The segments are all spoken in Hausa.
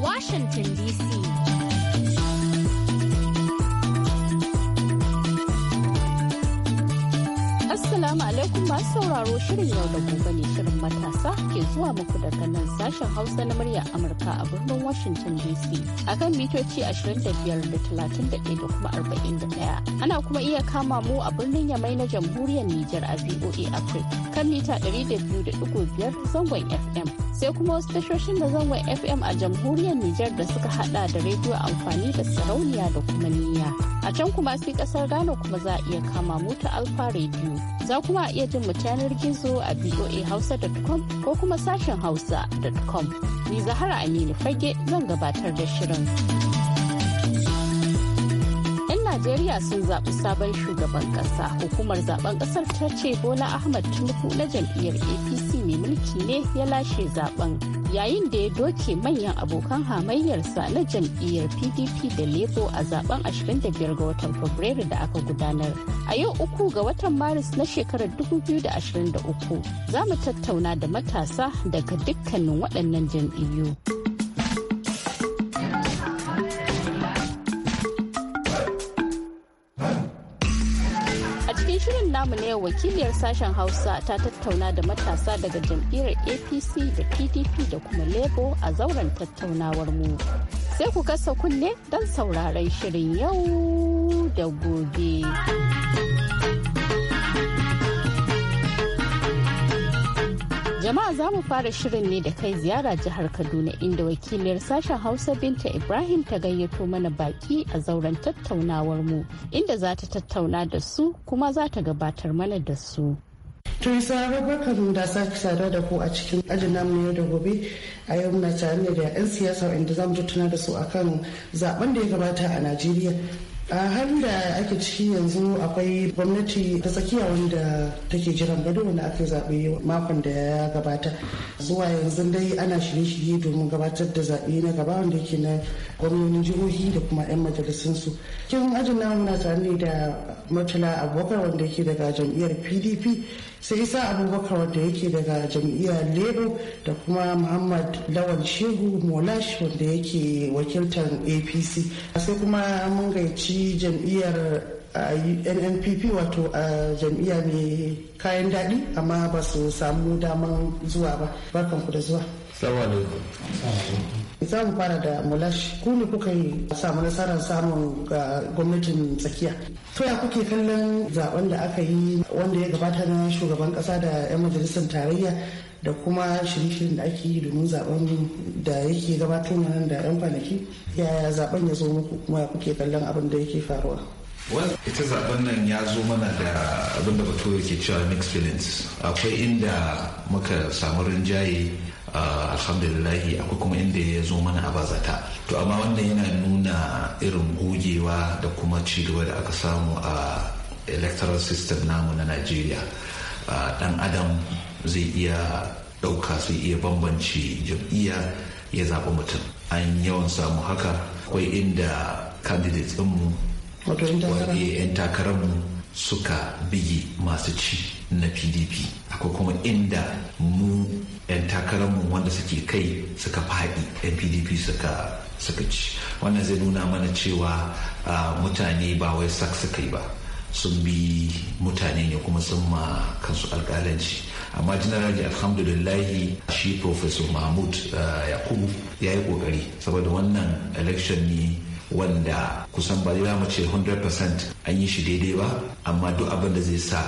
Washington DC. Assalamu alaikum masu sauraro shirin yau da gobe ne shirin matasa ke zuwa muku daga nan sashen Hausa na murya Amurka a birnin Washington DC akan mitoci 25 da 31 da kuma 41. Ana kuma iya kama mu a birnin Yamai na jamhuriyar Nijar a VOA Africa kan mita 200.5 zangon FM. sai kuma wasu tashoshin da zan wai fm a jamhuriyar nijar da suka hada da rediyo amfani da sarauniya da kuma niyya a can kuma sai kasar ghana kuma za a iya kama mu ta alfa rediyo za kuma a iya jin mu yanar gizo a voa ko kuma sashen hausa.com ni zahara aminu fage zan gabatar da shirin Najeriya sun zaɓi sabon shugaban ƙasa. Hukumar zaben ƙasar ta ce Bola Ahmad Tinubu na jam'iyyar APC mai mulki ne ya lashe zaben yayin da ya doke manyan abokan hamayyarsa na jam'iyyar pdp da lebo a zaben 25 ga watan fabrairu da aka gudanar a yau uku ga watan maris na shekarar 2023 za mu tattauna da matasa daga dukkanin waɗannan jam'iyyu. zamu ne wakiliyar sashen Hausa ta tattauna da matasa daga jam'iyyar APC da PDP da kuma Lebo a zauren tattaunawar mu. Sai ku kasa kunne don sauraron shirin yau da gobe. Jama'a za mu fara shirin ne da kai ziyara jihar Kaduna inda wakiliyar sashen Hausa Binta Ibrahim ta gayyato mana baki a zauren tattaunawar mu inda za ta tattauna da su kuma za ta gabatar mana da su. To yi barkan da sake sada da ku a cikin ajin namu yau da gobe a yau muna tare da 'yan siyasa inda zamu tattauna da su akan zaben da ya gabata a Najeriya a halin da ake ciki yanzu akwai gwamnati ta tsakiya wanda take jiran gado wanda aka zaɓe makon da ya gabata zuwa yanzu dai ana shirye-shirye domin gabatar da zaɓe na gaba wanda ke na gwamnonin jihohi da kuma 'yan majalisunsu kin ajin namuna tare da a abubakar wanda yake daga jam'iyyar pdp sai abubakar wanda yake daga jam'iyyar labour da kuma muhammad lawal shehu molash wanda yake wakiltar apc sai kuma mun gaici jam'iyyar nnpp wato a jam'iyya mai kayan daɗi amma ba su samu daman zuwa ba barkanku da zuwa za mu fara da mulash ku ne kuka yi samu nasarar samun ga gwamnatin tsakiya to ya kuke kallon zaben da aka yi wanda ya gabata na shugaban kasa da 'yan majalisar tarayya da kuma shirin shirin da ake yi domin zaben da yake gabatar nan da 'yan kwanaki yaya zaben ya zo muku kuma ya kuke kallon abin da yake faruwa ita zaben nan ya zo mana da abin da bato yake cewa mixed feelings akwai inda muka samu rinjaye Ah, alhamdulillahi akwai kuma inda ya zo mana a bazata to amma wannan yana nuna irin gogewa da kuma cigaba da aka samu a electoral system namu na najeriya dan ah, adam zai iya ɗauka sai iya bambanci jam'iyya ya zaɓi mutum an yawan samu haka akwai inda candidates ɗinmu wato 'yan takararmu suka bigi masu ci na pdp akwai kuma inda mu 'yan takararmu wanda suke kai suka faɗi 'yan pdp suka suka ci wannan zai nuna mana cewa mutane ba wai sak suka yi ba sun bi mutane ne kuma sun ma kansu alkalanci amma generally alhamdulillahi shi professor mahmud yakubu ya yi kokari saboda wannan election ne wanda kusan ba za mu ce 100% an yi shi daidai ba amma duk abin da zai sa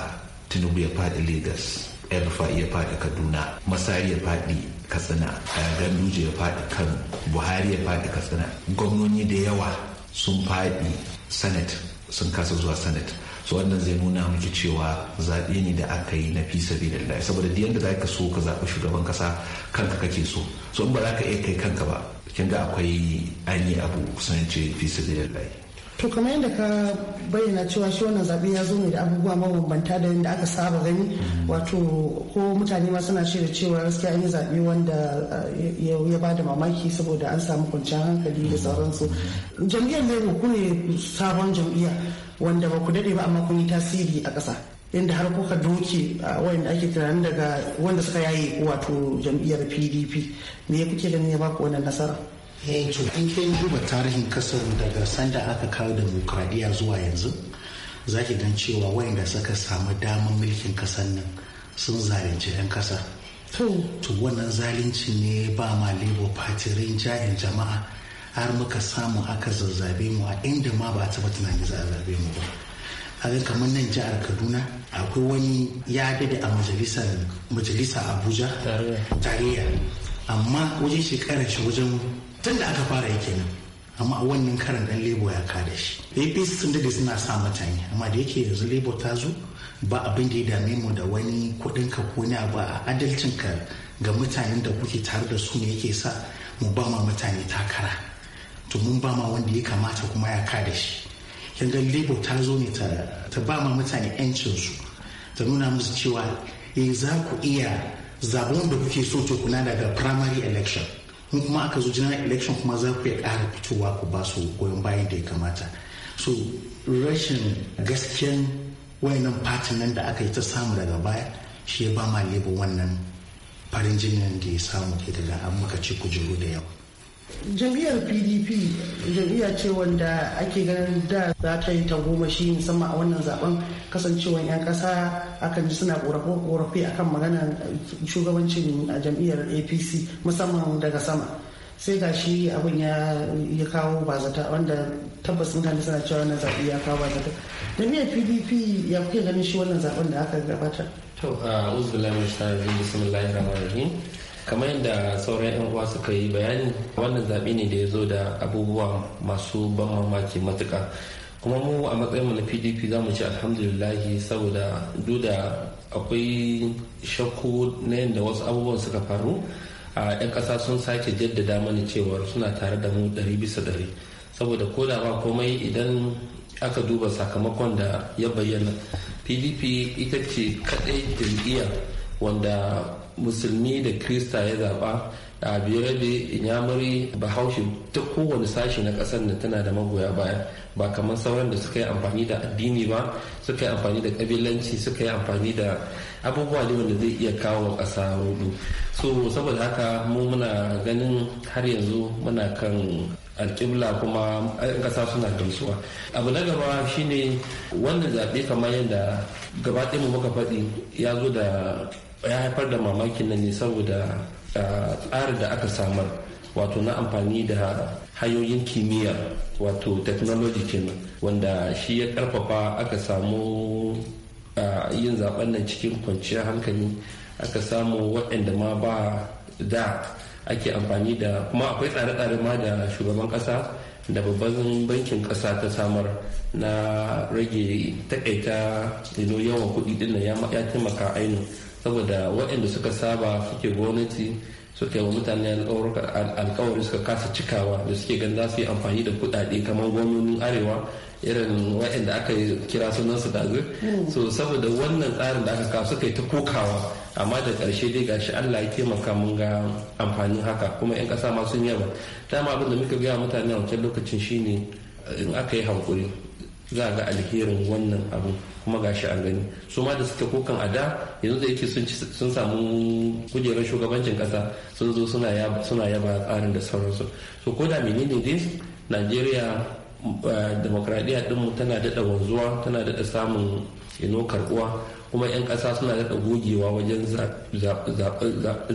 tinubu ya faɗi lagos rfa ya faɗi kaduna masari ya faɗi katsina ganduje ya faɗi kano buhari ya faɗi katsina gwamnoni da yawa sun faɗi senate sun kasa zuwa senate so wannan zai nuna miki cewa zaɓe ne da aka yi na fi sabilillah saboda duk yanda ka so ka zaɓi shugaban kasa kanka kake so so in ba za ka iya kai kanka ba kin ga akwai an yi abu kusan ce fi sabilillah to kamar yadda ka bayyana cewa shi wannan zaɓe ya zo ne da abubuwa mabambanta da yadda aka saba gani mm. wato ko mutane ma suna shirya cewa gaskiya an yi zaɓe wanda eh, ya ba da mamaki saboda an samu kwanciyar hankali da sauransu jam'iyyar labour ku ne sabon jam'iyya wanda ba ku daɗe ba amma kun yi tasiri a ƙasa inda har kuka doke wayanda ake tunanin daga wanda suka yaye wato jam'iyyar pdp me ya kuke ganin ya baku wannan nasara yanzu eh, in kai duba tarihin kasar daga sanda aka kawo demokradiyya zuwa yanzu za ki gan cewa wayanda suka samu damar mulkin kasar nan sun zalunci 'yan kasa to wannan zalunci ne ba ma labour party rinjayen jama'a har muka samu aka zazzabe mu a inda ma ba a taba tunanin za a mu ba ga kamar nan jihar kaduna akwai wani ya dade a majalisar majalisa abuja tarayya amma wajen shekarar shi wajen tun da aka fara yake nan amma a wannan karan dan lebo ya kada shi apc sun dade suna sa mutane amma da yake yanzu lebo ta zo ba abin da ya dame mu da wani kuɗin ka ko ne ba adalcin ka ga mutanen da kuke tare da su ne yake sa mu ba ma mutane takara to mun ba ma wanda ya kamata kuma ya ka da shi yanzu lebo ta zo ne ta ba ma mutane su ta nuna musu cewa eh za ku iya zaben da kuke so to kuna daga primary election mun kuma aka zo general election kuma za ku ya ƙara fitowa ku ba su goyon bayan da ya kamata so rashin gaskiyan wayannan fatin nan da aka yi ta samu daga baya shi ya ba ma lebo wannan farin jinin da ya samu ke daga an maka ci kujeru da yawa jam'iyyar pdp jam'iyya ce wanda ake ganin da za ta yi shi musamman a wannan zaben kasancewar 'yan kasa akan ji suna a akan magana shugabancin a jam'iyyar apc musamman daga sama sai ga shi abin ya kawo bazata wanda tabbas mutane suna cewa wannan zaɓe ya kawo bazata jam'iyyar pdp ya kuke ganin shi wannan zaben da aka gabatar to a uzbillahi kamar yadda sauran 'yan uwa suka yi bayani wannan zaɓe ne da ya zo da abubuwa masu ban mamaki matuka kuma mu a matsayin mu na pdp za mu ci alhamdulillahi saboda duda akwai shakku na yadda wasu abubuwan suka faru a 'yan ƙasa sun sake jaddada mana cewar suna tare da mu ɗari bisa ɗari saboda ko da ba komai idan aka duba sakamakon da ya bayyana pdp ita ce kaɗai jam'iyyar wanda musulmi da krista ya zaba a da inyamuri bahaushe ta kowane sashi na kasar nan tana da magoya baya ba kamar sauran da suka yi amfani da addini ba suka yi amfani da kabilanci suka yi amfani da abubuwa ne wanda zai iya kawo ƙasa rudu so saboda haka mu muna ganin har yanzu muna kan alƙibla kuma ƙasa suna gamsuwa abu na gaba shine wannan zaɓe kamar yadda gaba mu muka faɗi ya zo da ya haifar da mamakin nan ne saboda tsarin da aka samar wato na amfani da hanyoyin kimiyya wato technology kenan wanda shi ya karfafa aka samu yin zaɓen nan cikin kwanciyar hankali aka samu waɗanda ma ba da ake amfani da kuma akwai tsare-tsare ma da shugaban kasa da babban bankin kasa ta samar na rage takaita ino yawan kudi din ya taimaka ainu saboda waɗanda suka saba suke gwamnati suka yi wa mutane alkawari suka kasa cikawa da suke gan za su yi amfani da kuɗaɗe kamar gwamnonin arewa irin waɗanda aka yi kira sunan su dazu hmm. so saboda wannan tsarin da aka kawo suka yi ta kokawa amma da ƙarshe dai gashi Allah ya taimaka mun ga amfanin haka kuma 'yan ƙasa ma sun yaba dama abin da muka gaya mutane a wancan lokacin shine in aka yi hankuri za ga alherin wannan abu kuma gashi an gani su ma da suka kokan a da yanzu da yake sun samu kujerar shugabancin kasa sun zo suna yaba tsarin da sauransu so ko da menene dai najeriya Eh, demokradiyya dinmu tana daɗa wanzuwa tana daɗa samun ino karɓuwa kuma 'yan ƙasa suna daɗa gogewa wajen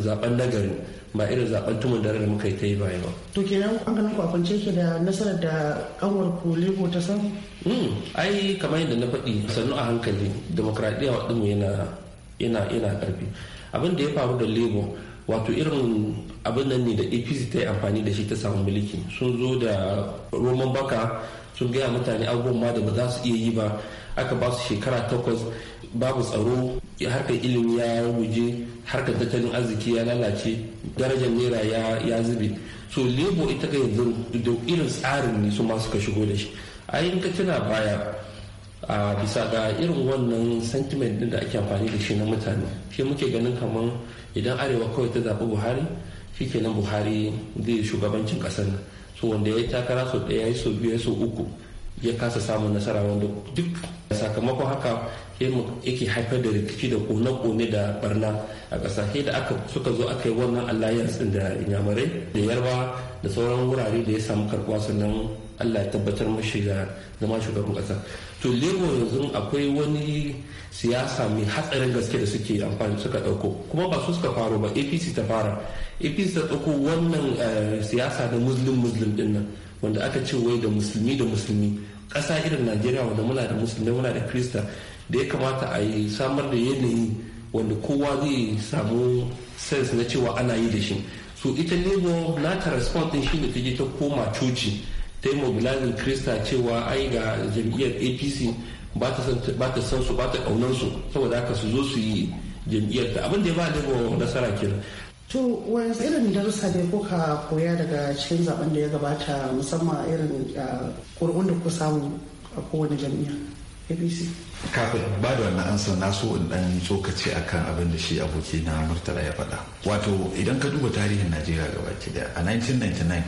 zaben nagari ba irin zaben tumun dare da muka yi ta yi baya ba. to kenan an ganin kwafance ke da nasarar da kanwar kolego ta samu? Hmm, ai kamar yadda na faɗi sannu a hankali demokradiyya ɗinmu yana yana yana ƙarfi abin da ya faru da lebo wato irin abin nan ne da apc ta yi amfani da shi ta samu mulki sun zo da roman baka sun gaya mutane abubuwan ma da ba za su iya yi ba aka ba su shekara takwas babu tsaro harkar ilimi ya ruguje harkar tattalin arziki ya lalace darajar naira ya zube so lebo ita ga yanzu da irin tsarin ne su masu ka shigo da shi a yin ka tuna baya a bisa ga irin wannan sentiment din da ake amfani da shi na mutane shi muke ganin kamar idan arewa kawai ta zaɓi buhari shikenan buhari zai shugabancin kasar nan so wanda ya yi takara sau ɗaya ya so biyu ya so uku ya kasa samun nasara wanda duk sakamakon haka yake haifar da rikici da kone-kone da barna a ƙasa sai da aka suka zo aka yi wannan alliance da inyamurai da yarba da sauran wurare da ya samu karɓuwa sannan allah ya tabbatar mashi da zama shugaban ƙasa to lego yanzu akwai wani siyasa mai hatsarin gaske da suke amfani suka ɗauko kuma ba su suka faro ba apc ta fara apc ta ɗauko wannan eh, siyasa da muslim muslim ɗin nan wanda aka ce wai da musulmi da musulmi ƙasa irin najeriya wanda muna da musulmi muna da kirista. da ya kamata a yi samar da yanayi wanda kowa zai samu sense na cewa ana yi da shi so ita na ta response din shine ta je ta koma coci ta yi mobilizing krista cewa ai ga jam'iyyar apc ba ta san su ba ta kaunar su saboda haka su zo su yi jam'iyyar ta abin da ya ba nebo nasara kenan to wani irin darussa ne kuka koya daga cikin zaben da ya gabata musamman irin kurkun ah, da ku samu a kowane jam'iyya abc kafin ba da wannan ansa na so in dan tsokaci akan abin da shi aboki na murtala ya faɗa wato idan ka duba tarihin najeriya gaba ki da a 1999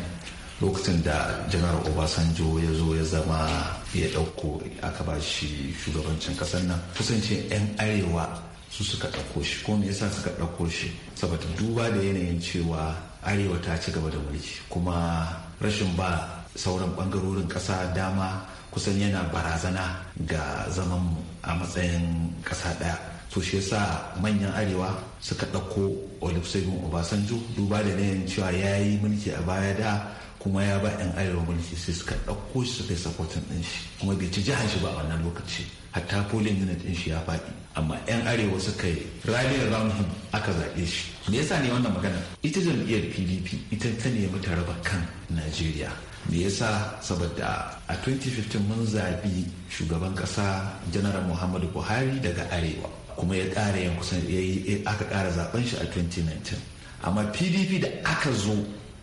lokacin da janar obasanjo ya zo ya zama ya ɗauko aka ba shi shugabancin ƙasar nan kusanci 'yan arewa su suka ɗauko shi ko me yasa suka ɗauko shi saboda duba da yanayin cewa arewa ta ci gaba da mulki kuma rashin ba sauran ɓangarorin ƙasa dama kusan yana barazana ga zaman a matsayin kasa ɗaya to shi yasa manyan arewa suka ɗauko olusegun obasanjo duba da nayin cewa ya yi mulki a baya da kuma ya ba 'yan arewa mulki sai suka ɗauko shi suka yi sapotin ɗin shi kuma bai ci jihar shi ba a wannan lokaci hatta polin unit ɗin shi ya faɗi amma 'yan arewa suka yi rallying around him aka zaɓe shi me yasa ne wannan magana ita jam'iyyar pdp ita ta nemi ta raba kan najeriya me yasa saboda a 2015 mun zabi shugaban Kasa janaral muhammadu buhari daga arewa kuma ya ƙara yin kusan aka ƙara zaben shi a 2019 amma pdp da aka zo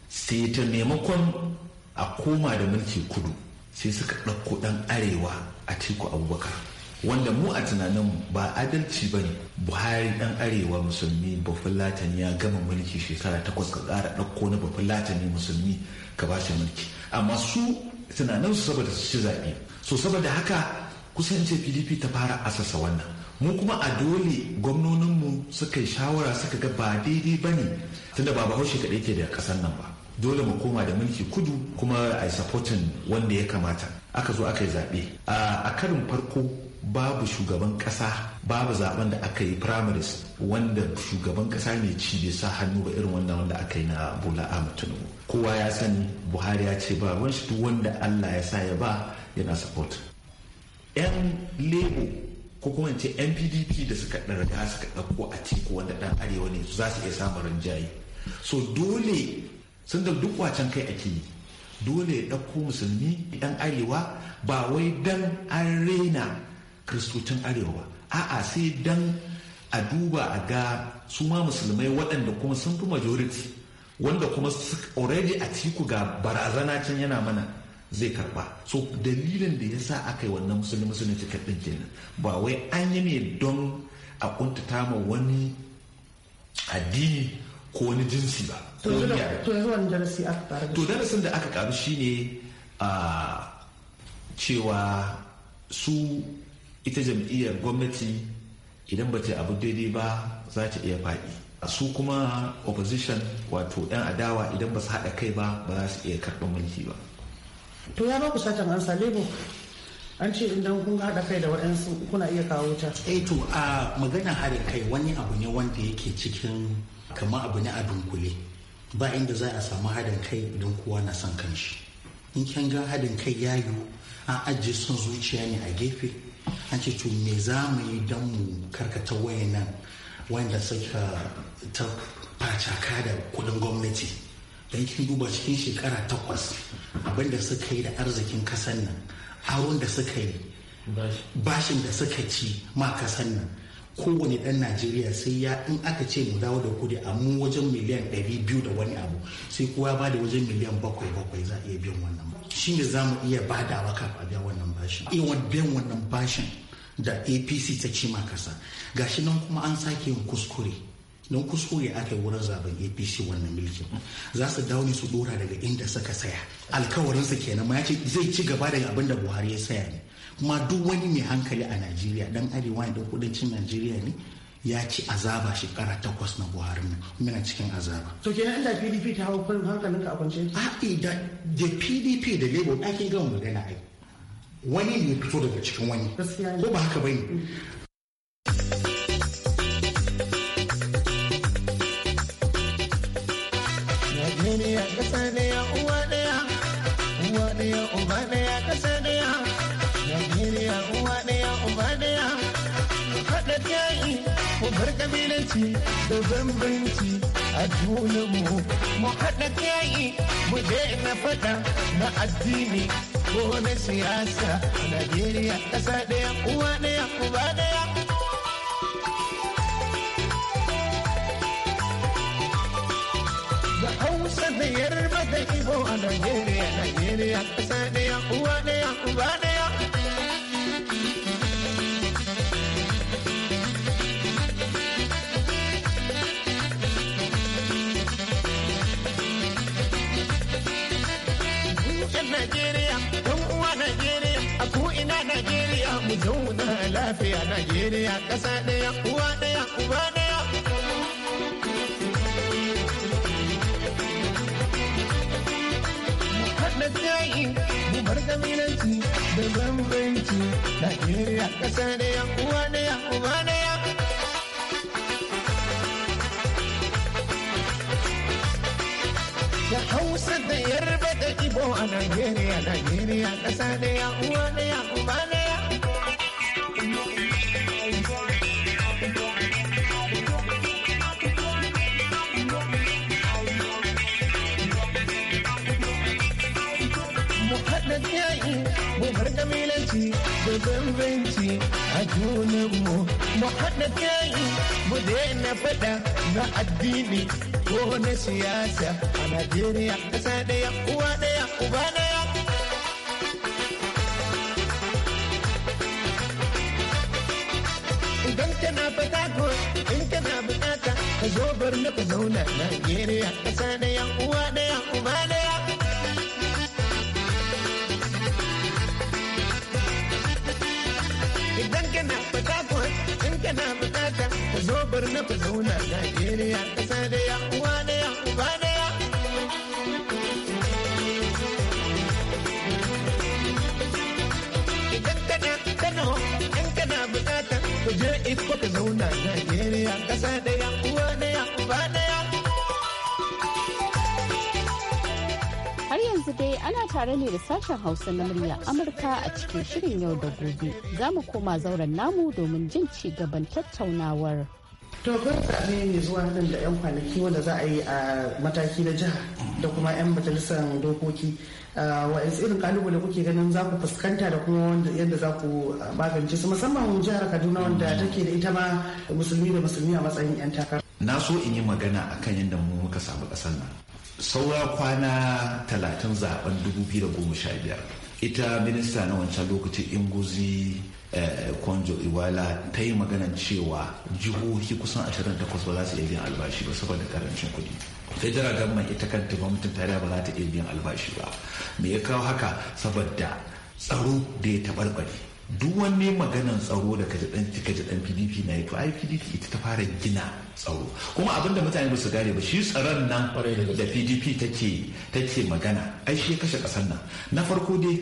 sai ta maimakon a koma da mulki kudu sai suka ɗauko ɗan arewa a teku abubakar wanda mu a tunanin ba adalci ba ne buhari ɗan arewa musulmi babban latani ya gama mulki shekara takwas ka ƙara ɗauko na babban latani musulmi ka ba shi mulki amma su tunanin su saboda su ci zaɓe so saboda haka kusan ce pdp ta fara asasa wannan mu kuma a dole gwamnoninmu suka yi shawara suka ga ba daidai ba ne tunda ba bahaushe kaɗai ke da ƙasar nan ba dole mu koma da mulki kudu kuma a yi supporting wanda ya kamata aka zo aka yi zaɓe a karin farko babu shugaban ƙasa babu zaben da aka yi primaries wanda shugaban kasa ne ci bai sa hannu ba irin wannan wanda aka yi na bola ahmad tinubu kowa ya sani buhari ya ce ba wani shi duk wanda allah ya sa ya ba yana support yan lebo ko kuma ce yan da suka ɗarga suka ɗauko a teku wanda ɗan arewa ne za su iya samun rinjaye so dole sun da duk wacan kai ake yi dole ya ɗauko musulmi ɗan arewa ba wai dan an raina kristocin arewa ba a'a sai dan a duba a ga su ma musulmai waɗanda kuma sun fi majority wanda kuma already a ciku ga barazana can yana mana zai karba so dalilin da ya sa aka yi wannan musulmi cikin ɗin kenan ba wai an yi ne don a kuntata ma wani addini ko wani jinsi ba to darasin da aka karu shine a ah, cewa su ita jam'iyyar gwamnati idan ba ta abu daidai ba za ta iya faɗi a su kuma opposition wato 'yan adawa idan ba su haɗa kai ba ba za su iya karɓar mulki ba to ya ba ku satan an salebo an ce idan kun haɗa kai da waɗansu kuna iya kawo ta eh to a magana hadin kai wani abu ne wanda yake cikin kamar abu ne a dunkule ba inda za a samu haɗin kai idan kowa na son kanshi in kin ga haɗin kai ya yiwu an ajiye son zuciya ne a gefe an ce to me za mu yi don mu karkata wayannan wanda suka ta facaka da kudin gwamnati don kin duba cikin shekara takwas abinda suka yi da arzikin kasan nan aron da suka yi bashin da suka ci ma kasan nan kowane dan najeriya sai ya in aka ce mu dawo da kudi a mu wajen miliyan 200 da wani abu sai kowa ba da wajen miliyan 7-7 za a iya biyan wannan shine za mu iya badawa waka a biya wannan bashin iwan biyan wannan bashin da apc ta ci ma kasa ga shi nan kuma an sake yin kuskure don kuskure aka yi wurin zaben apc wannan mulkin za su dawo ne su dora daga inda suka saya alkawarinsa kenan ma ce zai ci gaba da abin da buhari ya saya ne kuma duk wani mai hankali a najeriya dan arewa da kudancin najeriya ne ya ci azaba shekara takwas na buhari nan muna cikin azaba to kenan inda pdp ta hau kullum hankalin ka a kwance a da da pdp da labour ake gama magana ai wani ne fito daga cikin wani ko ba haka bane mm. adalci da bambanci a junanmu mu haɗa kai mu daina faɗa na addini ko na siyasa Najeriya ƙasa ɗaya uwa ɗaya uba ɗaya. Da Hausa da Yarba da Ibo a Najeriya, Najeriya ƙasa ɗaya uwa ɗaya uba ɗaya. Najeriya mu zauna lafiya Najeriya ƙasa ɗaya uwa ɗaya uba ɗaya. Haɗa jayi mu bar ƙabilanci da bambanci Najeriya ƙasa ɗaya uwa ɗaya uba ɗaya. Da Hausa da Yarba da Ibo a Najeriya, Najeriya ƙasa ɗaya uwa ɗaya. bambanci a junanmu mu haɗa kai mu daina faɗa na addini ko na siyasa a Najeriya ƙasa ɗaya uwa ɗaya uba ɗaya. Idan kana fata ko in kana bukata ka zo bar na ka zauna Najeriya ƙasa ɗaya uwa ɗaya uba ɗaya. kana bukata ka zo bar na ku zauna Najeriya kasa da ya uwa da ya uba da ya. Idan kana Kano in kana bukata ku je iko ka zauna Najeriya kasa da ya uwa da ya uba da ya. yanzu dai ana tare ne da sashen Hausa na murya Amurka a cikin shirin yau da gobe. Za mu koma zauren namu domin jin ci gaban tattaunawar. To zaɓe ne zuwa nan da 'yan kwanaki wanda za a yi a mataki na jiha da kuma 'yan majalisar dokoki. Wa'insu irin kalubale kuke ganin za ku fuskanta da kuma yadda za ku magance su musamman jihar Kaduna wanda take da ita ma musulmi da musulmi a matsayin 'yan takara. Na so in yi magana akan yadda mu muka samu ƙasar nan. saura kwana talatin zaben 2015 ita minista na wancan lokacin inguzi eh, kwanjo iwala ta yi maganar cewa jihohi kusan 28 ba za su iya biyan albashi ba saboda karancin kuɗi federal government ita kanta gwamnatin tarayya ba za ta iya biyan albashi ba me ya kawo haka saboda tsaro da ya taɓarɓare duk wani maganan tsaro da kaji PDP na to ai PDP ita ta fara gina tsaro kuma abin da mutane ba su gane ba shi tsaron nan da PDP take take magana ai shi kashe kasar nan na farko dai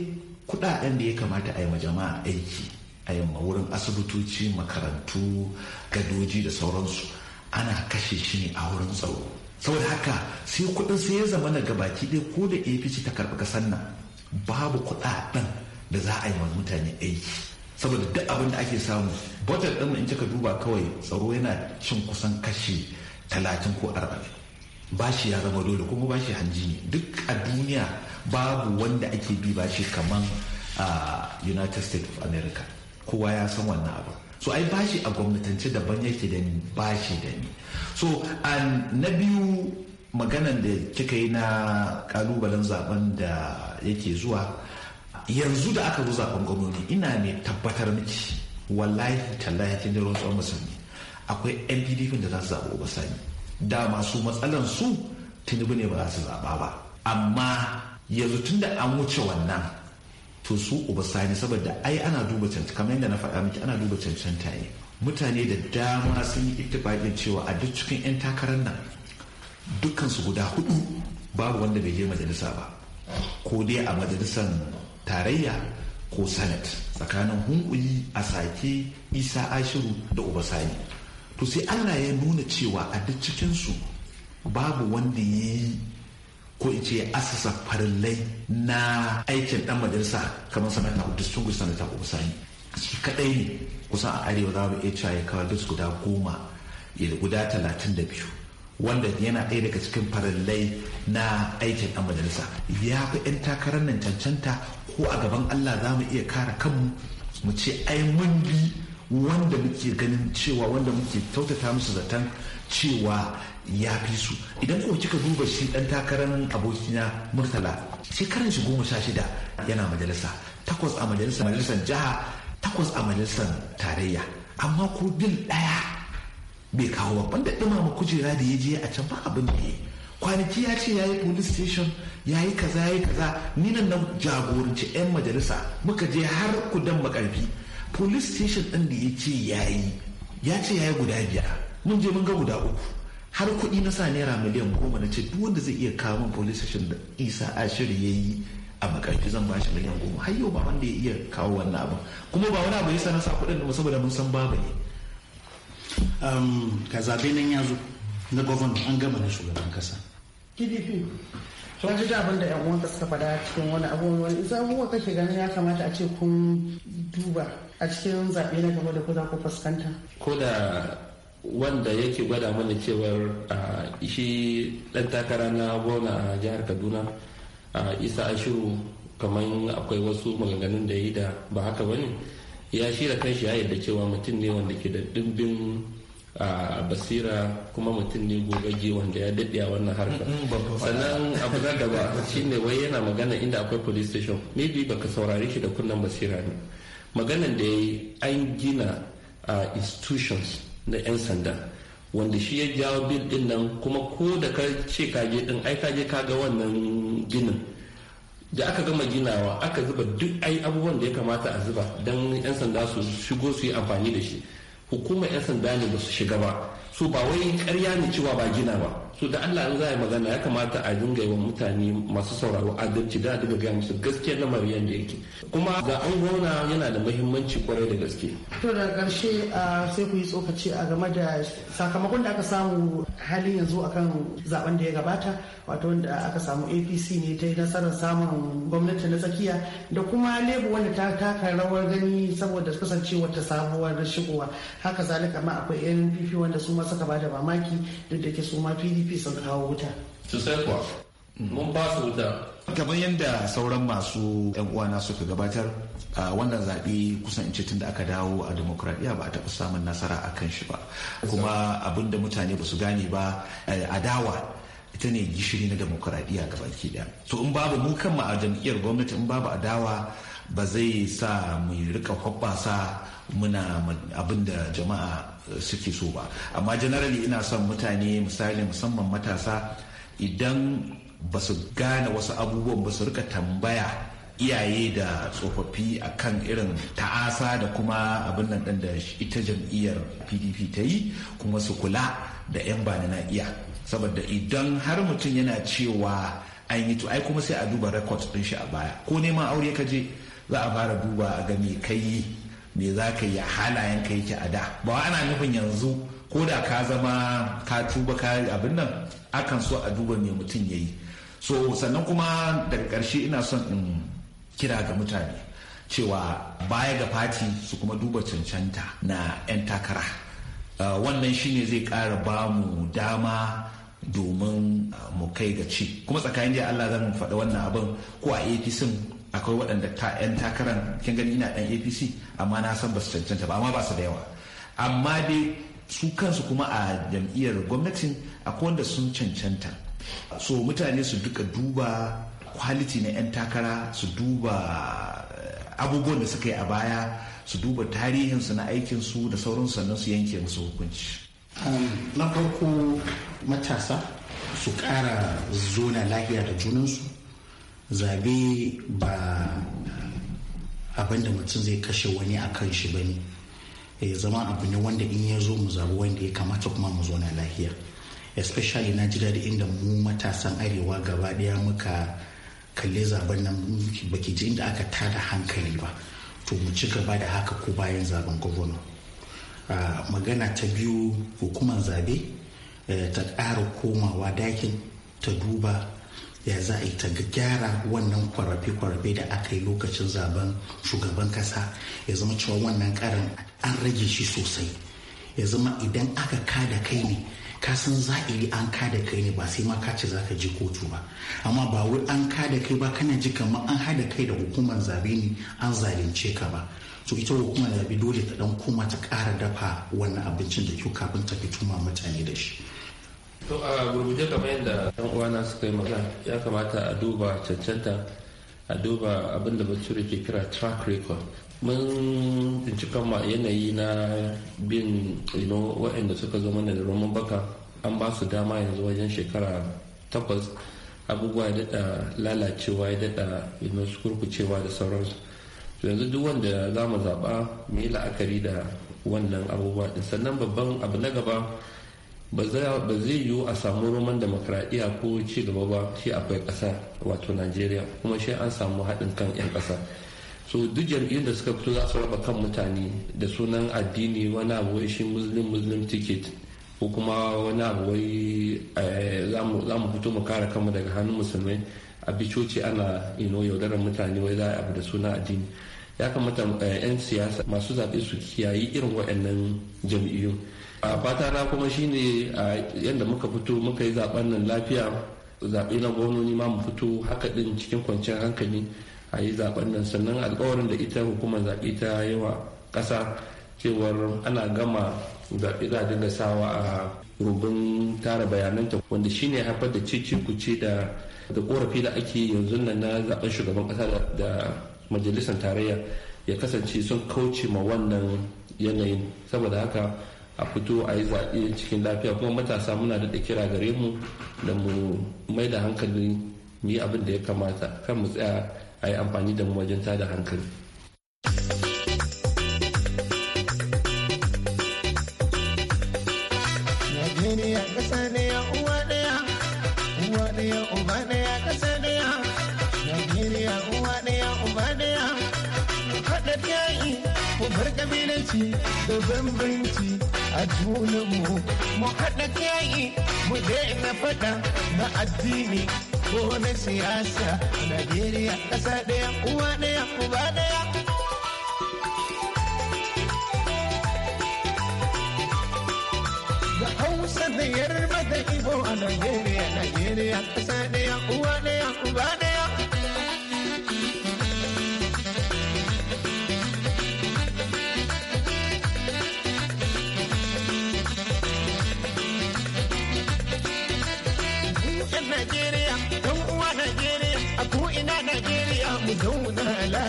kuɗaɗen da ya kamata a yi ma jama'a aiki a yamma wurin asibitoci makarantu gadoji da sauransu ana kashe shi ne a wurin tsaro saboda haka sai kuɗin sai ya zama na gabaki ɗaya ko da ya ci ta karɓi kasar nan babu kuɗaɗen. da za a yi wa mutane aiki saboda duk abin da ake samu budget ɗin in kika duba kawai tsaro yana cin kusan kashi talatin ko arba'in bashi ya zama dole kuma bashi hanji ne duk a duniya babu wanda ake bi bashi kaman a united states of america kowa ya san wannan abu so ai bashi a gwamnatance daban yake da ni bashi da ni so na biyu maganan da kika yi na kalubalen zaben da yake zuwa yanzu da aka zo ruza gwamnoni ina mai tabbatar miki wallahi tallahi kin jiro tsawon musulmi akwai yan pdp da za su zaɓi obasani da masu matsalan su tinubu ne ba za su zaɓa ba amma yanzu tun da an wuce wannan to su obasani saboda ai ana duba cancanta kamar yadda na faɗa miki ana duba cancanta ne mutane da dama sun yi ittifaƙin cewa a duk cikin 'yan takarar nan dukkan su guda hudu babu wanda bai je majalisa ba ko dai a majalisar tarayya ko sanat tsakanin hunkuyi a sake isa ashiru da obasani to sai allah ya nuna cewa a duk cikinsu babu wanda ya yi ko in ce asasa farillai na aikin dan majalisa kamar sanata distinguished sanata obasani shi kadai ne kusan a arewa za mu iya cewa ya kawo guda goma ya guda talatin da biyu wanda yana ɗaya daga cikin farallai na aikin ɗan majalisa ya fi 'yan takarar nan cancanta ko a gaban allah za mu iya kara kanmu mu ce ai mun bi wanda muke ganin cewa wanda muke kyautata musu zaton cewa ya fi su idan ko kika duba shi ɗan takarar abokina murtala shekaran shi goma sha shida yana majalisa takwas a majalisar jiha takwas a majalisar tarayya amma ko bil ɗaya bai kawo ba banda dumama kujera da ya je a can ba abin da ya yi kwanaki ya ce ya yi police station ya yi kaza ya yi kaza ni nan na jagoranci 'yan majalisa muka je har kudan makarfi police station ɗin da ya ce ya yi ya ce ya yi guda biyar mun je mun ga guda uku har kuɗi na sa naira miliyan goma na ce duk wanda zai iya kawo min police station da isa ashiru ya yi a makarfi zan ba shi miliyan goma har yau ba wanda ya iya kawo wannan abin kuma ba wani abu ya sa na sa kuɗin da saboda mun san babu ne ka um, zabe nan ya zo na gwamna an gama na shugaban kasa pdp kuma ji da abin da yan uwan suka faɗa cikin wani abubuwan wani isa abubuwa kake ganin ya kamata a ce kun duba a cikin zaɓe na gaba da ku za ku fuskanta ko da wanda yake gwada mana cewar shi ɗan takara na gwamna a jihar kaduna isa ashiru kamar akwai wasu maganganun da yi da ba haka bane ya shirya kan kanshi ya yadda cewa mutum ne wanda ke da dimbin a basira kuma mutum ne gogagge wanda ya daɗe a wannan harka sannan abu na gaba shine wai yana magana inda akwai police station maybe baka saurari shi da kunnen basira ne maganan da ya yi an gina a institutions na 'yan sanda wanda shi ya jawo bil din nan kuma ko da ka ce kaje din ai kaje ka ga wannan ginin da aka gama ginawa aka zuba duk ai abubuwan da ya kamata a zuba don 'yan sanda su shigo su yi amfani da shi hukumar 'yan sanda ne ba su shiga ba su ba wai karya ne cewa ba gina ba so da Allah in za a magana ya kamata a dinga yi wa mutane masu sauraro adalci da daga gaya musu na mariyan da yake kuma ga an gona yana da mahimmanci kwarai da gaske to da karshe sai ku yi tsokaci a game da sakamakon da aka samu halin yanzu akan zaben da ya gabata wato wanda aka samu APC ne ta yi nasarar samun gwamnati na tsakiya da kuma lebu wanda ta taka rawar gani saboda kasancewa ta sabuwar shigowa haka zalika ma akwai NPP wanda su ma suka bada mamaki duk da ke su ma PDP pdp sun kawo wuta sai kuwa mun ba su wuta kamar yadda sauran masu yan uwana suka gabatar a wannan zaɓe kusan ce tun da aka dawo a demokuraɗiyya ba a taɓa samun nasara a kan shi ba kuma abin da mutane ba su gane ba eh, adawa ita ne gishiri na demokuraɗiyya ga baki ɗaya to in babu mu kanmu a jam'iyyar gwamnati in babu adawa ba zai sa mu rika hoɓɓasa muna abin da jama'a suke so ba amma generally ina son mutane misali musamman matasa idan ba su gane wasu abubuwan ba su rika tambaya iyaye da tsofaffi a kan irin ta'asa da kuma abin nan ɗin da ita jam'iyyar pdp ta yi kuma su kula da 'yan bani na iya saboda idan har mutum yana cewa an yi ai kuma sai a duba rekod din shi a baya ko neman aure ka je za a fara duba a ga kai me za ka yi a halayen ka yake a da ba ana nufin yanzu ko da ka zama ka tuba ka abin nan akan so a duba me mutum ya yi so sannan kuma daga ƙarshe ina son in kira ga mutane cewa baya ga fati su kuma duba cancanta na 'yan takara ah, wannan shine zai ƙara ba mu dama domin ah, mu kai ga ci kuma tsakanin da Allah zan faɗa wannan abin ko a apc akwai waɗanda ta 'yan takarar kin gani na ɗan apc amma na san ba su cancanta ba amma ba su da yawa amma dai su kansu kuma a jam'iyyar gwamnatin akwai wanda sun cancanta so mutane su duka duba kwaliti na 'yan takara su duba eh, abubuwan da suka yi a baya su duba tarihinsu na aikinsu da sauran sannan su yanke musu hukunci um, na farko matasa su kara zona lahiya da junansu zabe ba abinda mutum zai kashe wani a kan shi ba ne ya eh, zama abu ne wanda in ya zo mu zabi wanda ya kamata kuma mu zo na lahiya. especially na ji da inda mu matasan arewa gaba ɗaya muka kalle zaben nan baki ji inda aka tada hankali ba to mu ci gaba da haka ko bayan zaben gwamna ah, magana ta biyu hukumar zabe eh, ta ƙara komawa dakin ta duba ya za a yi ta gyara wannan kwarafe-kwarafe da aka yi lokacin zaben shugaban kasa ya zama cewa wannan karin an rage shi sosai ya zama idan aka kada kai ne ka san za'iri an kada kai ne ba sai ma ka ce ka ji kotu ba amma ba wai an da kai ba kana ji kamar an hada kai da hukumar zabe ne an zalunce ka ba to ita hukumar zabe dole ta dan koma ta kara dafa wannan abincin da kyau kafin ta fito ma mutane da shi to a gurguje kamar yadda yan uwana suka yi magana ya kamata a duba cancanta a duba abin da bature ke kira track record mun bincika ma yanayi na bin waɗanda suka zama da roman baka an ba su dama yanzu wajen shekara takwas abubuwa ya daɗa lalacewa ya daɗa su kurkucewa da sauransu yanzu duk wanda za mu zaɓa mu yi la'akari da wannan abubuwa sannan babban abu na gaba ba zai yiwu a samu roman demokradiyya ko ci gaba ba shi akwai kasa wato najeriya kuma shi an samu haɗin kan 'yan kasa so duk jam'iyyun da suka fito za su raba kan mutane da sunan addini wani abu shi muslim muslim ticket ko kuma wani abu wai eh, za mu fito mu kare kanmu daga hannun musulmai a bicoci ana ino yaudarar mutane wai za a abu da sunan addini ya kamata 'yan eh, siyasa masu zaɓe su kiyayi irin waɗannan jam'iyyun a fata na kuma shine a yadda muka fito muka yi zaben nan lafiya zaɓe na gwamnoni ma mu fito haka ɗin cikin kwanciyar hankali a yi zaben nan sannan alkawarin da ita hukumar zaɓe ta yawa ƙasa cewar ana gama zaɓe za a dinga sawa a rubin tara bayananta wanda shine haifar da cece da da korafi da ake yanzu nan na zaben shugaban ƙasa da majalisar tarayya ya kasance sun kauce ma wannan yanayin saboda haka a fito ayi yi zaɓe cikin lafiya kuma matasa muna da kira gare mu da mu mai da hankali mu yi abin da ya kamata kan mu tsaya a yi amfani da mu wajen tada hankali. Najeriya ƙasa ɗaya uwa ɗaya, uwa ɗaya uba ɗaya ƙasa ɗaya. Najeriya uwa uba ɗaya, mu haɗa yayi, mu bar ƙabilanci da bambanci. a junanmu mu haɗa yayi mu daina faɗa na addini ko na siyasa Najeriya ƙasa ɗaya uwa ɗaya uba ɗaya. Da Hausa da Yarba da Ibo a Najeriya, Najeriya ƙasa ɗaya uwa ɗaya uba ɗaya.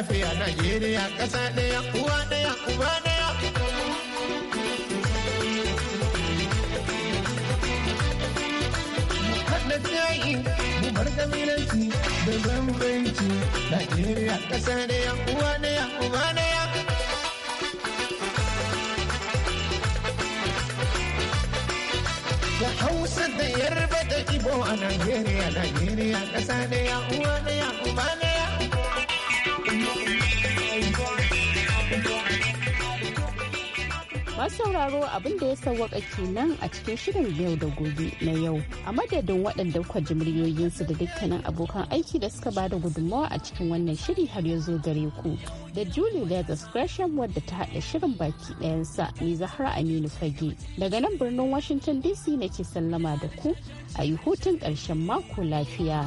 lafiya Najeriya ƙasa ɗaya uwa ɗaya uba ɗaya. Haɗa tsayi mu bar kabilanci da bambanci Najeriya ƙasa ɗaya uwa ɗaya uba ɗaya. Da Hausa da Yarba da Ibo a Najeriya, Najeriya ƙasa ɗaya uwa ɗaya uba masu sauraro abin da ya sauwaka kenan a cikin shirin yau da gobe na yau a madadin waɗanda kwa jimriyoyinsu da dukkanin abokan aiki da suka bada gudunmawa a cikin wannan shiri har ya zo gare ku da julie leathers gresham wadda ta haɗa shirin baki ɗayansa ne zahra aminu fage daga nan birnin washington dc nake sallama da ku a yi hutun ƙarshen mako lafiya.